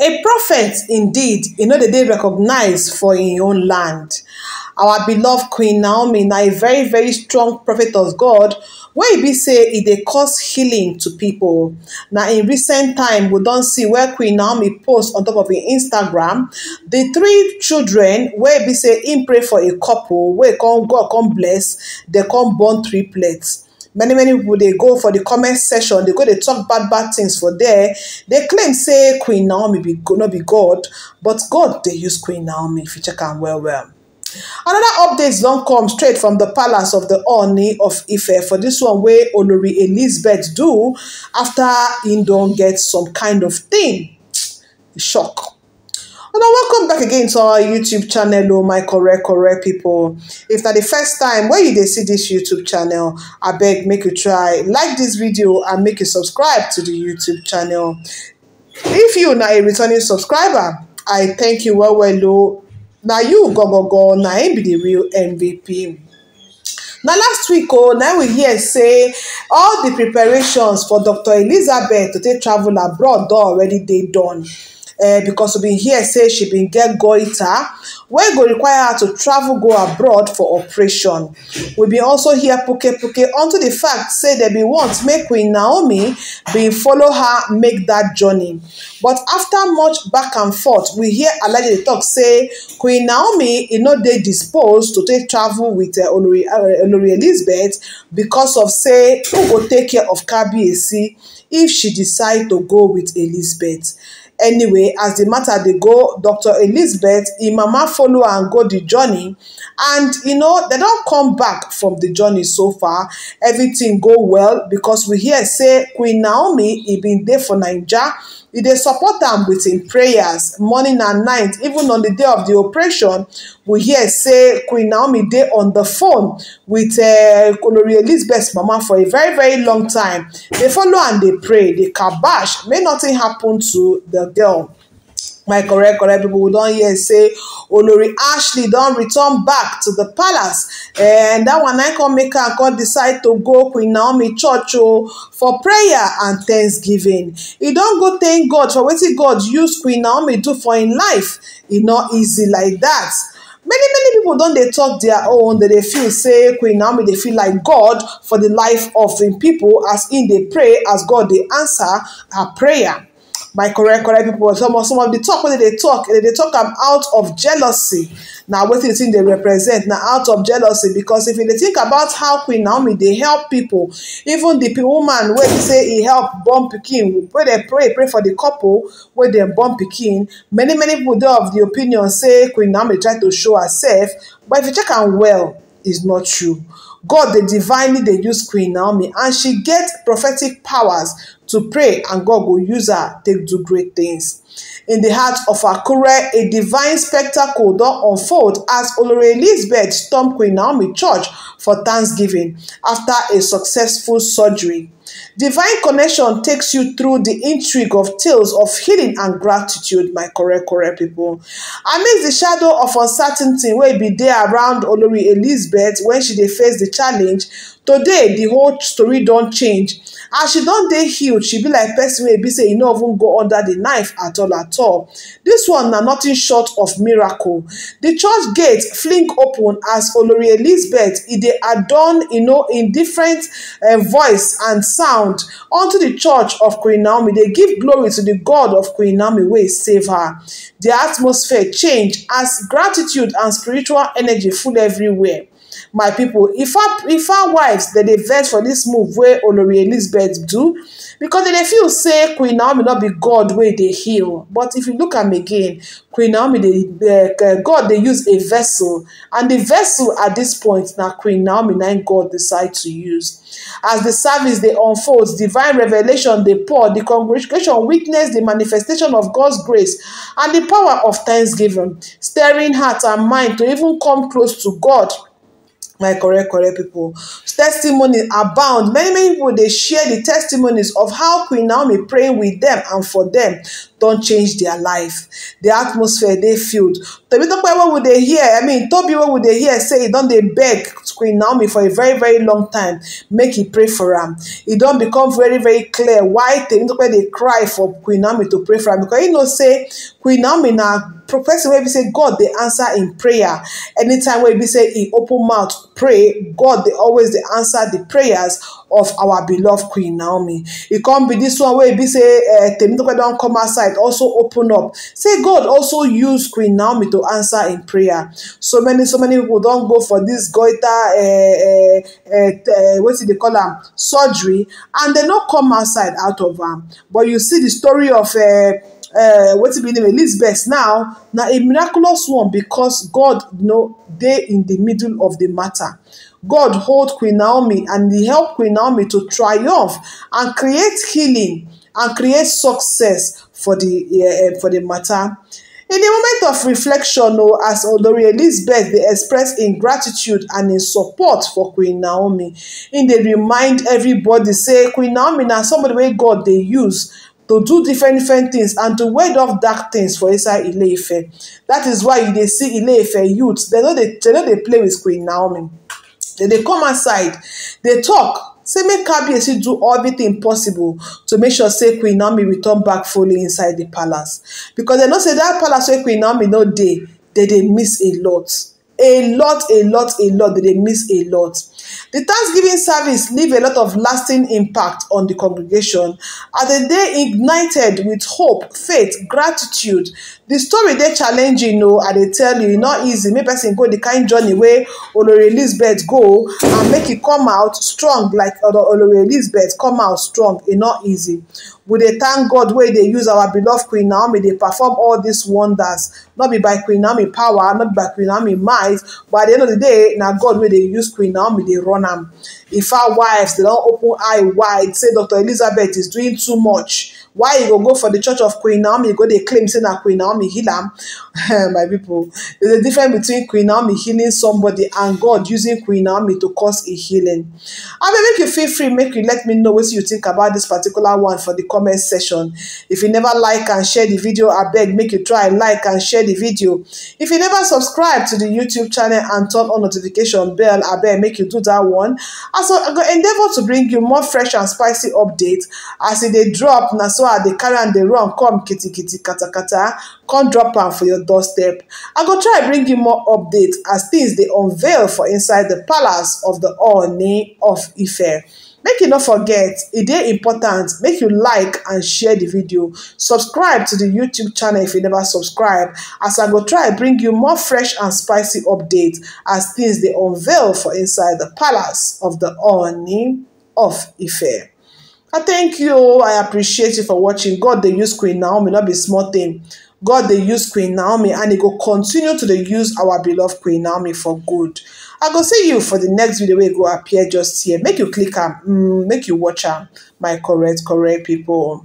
A prophet, indeed, you know that they recognize for in own land. Our beloved Queen Naomi, now a very, very strong prophet of God, where it be say it dey cause healing to people. Now in recent time, we don't see where Queen Naomi post on top of her Instagram the three children where it be say in pray for a couple where come God come bless, they come born triplets. many many people dey go for the comment section dey go dey talk bad bad things for there dey claim say queen naomi be no be god but god dey use queen naomi if you check am well well Another update don come straight from the palace of the Oni of Ife for this one wey Olori Elizabeth do after im don get some kind of thing. Shock. Una welcome back again to our YouTube channel, oh my correct correct people. If that the first time where you dey see this YouTube channel, I beg make you try like this video and make you subscribe to the YouTube channel. If you na a returning subscriber, I thank you well well o. Oh. Na you go go go Now him be the real MVP. Now last week oh now we hear say all the preparations for dr elizabeth to take travel abroad are already they done uh, because we've been here, say she been get goiter wey go require her to travel go abroad for operation we been also hear puke puke unto the fact say they bin want make queen naomi bin follow her make that journey but after much back and forth we hear alade dey tok say queen naomi e no dey disposed to take travel with wit eh, eh, olori elizabeth because of say who go take care of kabiyesi if she decide to go with elizabeth anyway as the matter dey go dr elizabeth im mama follow am go the journey and you know they don come back from the journey so far everything go well because we hear say queen naomi e bin dey for naija They support them with prayers morning and night even on the day of the operation we hear say queen naomi day on the phone with eh, olori best mama for a very very long time They follow and they pray They kabash May nothing happen to the girl my correct correct people don't hear say olori ashley don't return back to the palace and that one i come make can come decide to go queen naomi church oh, for prayer and thanksgiving He don't go thank god for he god use queen naomi do for in life e not easy like that. many many people don't they talk their own that they feel say queen naomi They feel like god for the life of the people. as in they pray as god they answer her prayer by correct correct people some of some of the talk wey dey talk they dey talk am out of jealousy na wetin di thing dey represent na out of jealousy because if you dey think about how queen naomi dey help people, even the woman wey be say e help born pikin wey dey pray pray for the couple wey dem born pikin many many people dey of the opinion say queen naomi try to show herself but if you check am well is not true. God, the divinely, they use Queen Naomi, and she get prophetic powers to pray, and God will use her to do great things. In the heart of her career, a divine spectacle don unfold as Olori Elizabeth stormed Queen Naomi Church for Thanksgiving after a successful surgery. Divine connection takes you through the intrigue of tales of healing and gratitude, my correct, correct people. Amidst the shadow of uncertainty wey be there around Olori Elizabeth when she dey the challenge today the whole story don change as she don dey healed she be like person wey e be say e no even go under the knife at all at all This one na nothing short of miracle The church gate fling open as olori elizabeth e dey adorn in different eh, voice and sound unto the church of queen naomi dey give glory to the god of queen naomi wey save her The atmosphere change as gratitude and spiritual energy full everywhere. my people, if if I wives dem they vent for this move where olori elizabeth do because they dey feel say queen naomi not be god where they heal but if you look at me again queen naomi dey eh, eh, god they use a vessel and the vessel at this point now queen naomi na god decide to use as the service they unfold divine revelation they pour the congregation witness the manifestation of god's grace and the power of thanksgiving stirring heart and mind to even come close to god my correct correct people testimony abound many many people dey share the testimonies of how queen naomi pray with them and for them don change their life the atmosphere dey filled temitope what would they hear i mean tobi what would they hear say don't they beg queen naomi for a very very long time make he pray for It don't become very very clear why temitope they cry for queen naomi to pray for him because you know say queen naomi now. Professor, wey say god they answer in prayer anytime we say e open mouth pray god they always they answer the prayers of our beloved queen naomi It can't be this one where we say eh, don't come outside also open up. Say God also used Queen Naomi to answer in prayer. So many, so many people don't go for this goiter, uh, uh, uh, they call them? Surgery, and they not come outside out of them. But you see the story of. Uh, uh, what been name Elizabeth now, now a miraculous one because God, you know, they in the middle of the matter. God hold Queen Naomi and he Queen Naomi to triumph and create healing and create success for the uh, for the matter. In the moment of reflection, oh, as Olori Elizabeth, they express in gratitude and in support for Queen Naomi. In they remind everybody, say Queen Naomi now somebody where God they use to do different different things and to ward off dark things for Isaiah Ile That is why they see Ile youths. youth. They know they, they know they play with Queen Naomi. dem dey come outside They talk. say make kabiyesi do everything possible to make sure say queen naomi return back fully inside the palace because they know say dat palace wey queen naomi no dey dem dey miss a lot a lot a lot a lot They they miss a lot The Thanksgiving service leave a lot of lasting impact on the congregation as the day ignited with hope, faith, gratitude. The story they challenging you know, and they tell you, not easy. Maybe person go the kind journey wey Olori Elizabeth go and make it come out strong like Olori Elizabeth come out strong, It not easy. we a thank god way, they use our beloved queen naomi They perform all these wonders not be by queen naomi power not by queen naomi might but at the end of the day now god wey they use queen naomi dey run am Ifa wives, they don't open eye wide, say Dr. Elizabeth is doing too much. Why you go go for the church of Queen Naomi, go they claim say na Queen Naomi heal am? My people, there's a difference between Queen Naomi healing somebody and God using Queen Naomi to cause a healing. I mean, make you feel free, make you let me know what you think about this particular one for the comment section. If you never like and share the video, I beg, make you try like and share the video. If you never subscribe to the YouTube channel and turn on notification bell, I beg, make you do that one so i go endeavour to bring you more fresh and spicy updates as e dey drop na so i dey carry am dey run come kitikiti katakata come drop am for your doorstep i go try bring you more updates as things dey unveil for inside the palace of the ooni of ife make you no forget e dey important make you like and share the video subscribe to the youtube channel if you never subscribe as i go try bring you more fresh and spicy updates as things dey unveil for inside the palace of the Oni of Ife. I thank you. I appreciate you for watching. God, they use Queen Naomi, not be small thing. God, they use Queen Naomi, and it will continue to the use our beloved Queen Naomi for good. I go see you for the next video where go appear just here. Make you click on, mm, make you watch my correct, correct people.